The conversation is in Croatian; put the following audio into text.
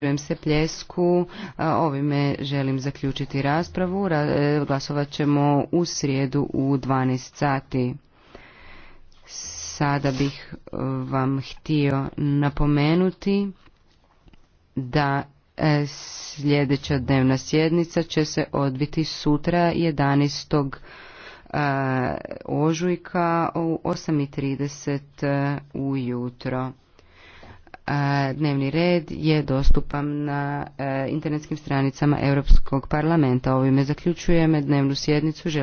Zahvaljujem se pljesku. Ovime želim zaključiti raspravu. E, glasovat ćemo u srijedu u 12 sati. Sada bih e, vam htio napomenuti da e, sljedeća dnevna sjednica će se odbiti sutra 11 ožujka u 8.30 ujutro dnevni red je dostupan na e, internetskim stranicama Europskog parlamenta. Ovime zaključujeme dnevnu sjednicu. Želimo